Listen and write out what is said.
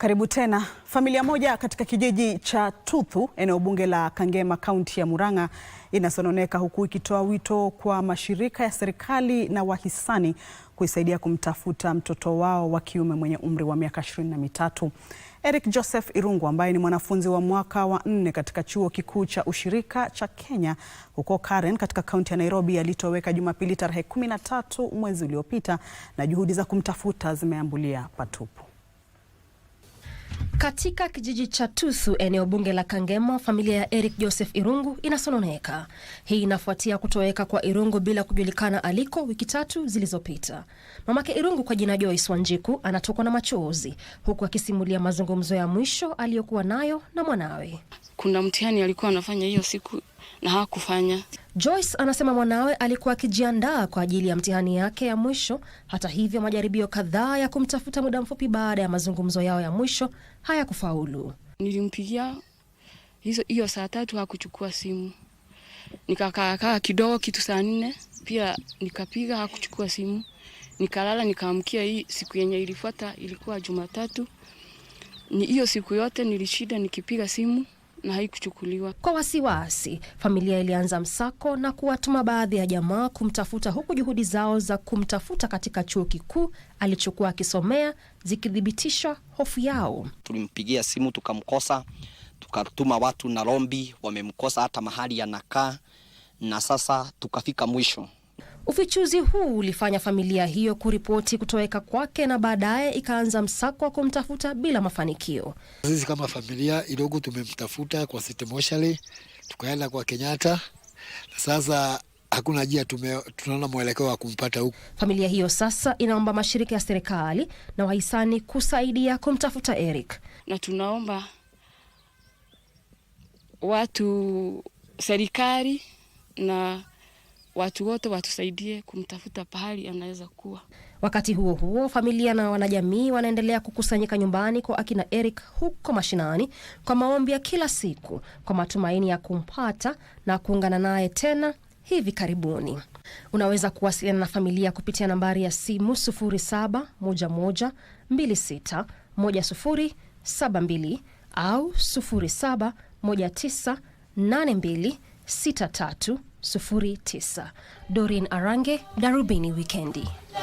Karibu tena. Familia moja katika kijiji cha Tuthu, eneo bunge la Kangema, kaunti ya Murang'a, inasononeka huku ikitoa wito kwa mashirika ya serikali na wahisani kuisaidia kumtafuta mtoto wao wa kiume mwenye umri wa miaka ishirini na mitatu. Eric Joseph Irungu ambaye ni mwanafunzi wa mwaka wa nne katika Chuo Kikuu cha Ushirika cha Kenya huko Karen katika kaunti ya Nairobi alitoweka Jumapili tarehe 13 mwezi uliopita na juhudi za kumtafuta zimeambulia patupu. Katika kijiji cha Tusu, eneo bunge la Kangema, familia ya Eric Joseph Irungu inasononeka. Hii inafuatia kutoweka kwa Irungu bila kujulikana aliko wiki tatu zilizopita. Mamake Irungu kwa jina Joyce Wanjiku anatokwa na machozi, huku akisimulia mazungumzo ya mwisho aliyokuwa nayo na mwanawe kuna mtihani alikuwa anafanya hiyo siku na hakufanya. Joyce anasema mwanawe alikuwa akijiandaa kwa ajili ya mtihani yake ya mwisho. Hata hivyo, majaribio kadhaa ya kumtafuta muda mfupi baada ya mazungumzo yao ya mwisho hayakufaulu. Nilimpigia hiyo saa tatu hakuchukua simu, nikakaakaa kidogo, kitu saa nne pia nikapiga, hakuchukua simu, nikalala. Nikaamkia hii siku yenye ilifuata, ilikuwa Jumatatu. Ni hiyo siku yote nilishida nikipiga simu na haikuchukuliwa kwa wasiwasi. Familia ilianza msako na kuwatuma baadhi ya jamaa kumtafuta, huku juhudi zao za kumtafuta katika chuo kikuu alichokuwa akisomea zikithibitisha hofu yao. Tulimpigia simu tukamkosa, tukatuma watu na rombi wamemkosa hata mahali yanakaa na sasa tukafika mwisho. Ufichuzi huu ulifanya familia hiyo kuripoti kutoweka kwake na baadaye ikaanza msako wa kumtafuta bila mafanikio. Sisi kama familia Idogo tumemtafuta kwa City tukaenda kwa Kenyatta na sasa hakuna jia tunaona mwelekeo wa kumpata huku. Familia hiyo sasa inaomba mashirika ya serikali na wahisani kusaidia kumtafuta Eric, na tunaomba watu serikali na watu wote watusaidie kumtafuta pahali anaweza kuwa. Wakati huo huo, familia na wanajamii wanaendelea kukusanyika nyumbani kwa akina Eric huko mashinani kwa maombi ya kila siku kwa matumaini ya kumpata na kuungana naye tena hivi karibuni. Unaweza kuwasiliana na familia kupitia nambari ya simu 0711261072 au 07198263 09. Dorin Arange, Darubini Wikendi.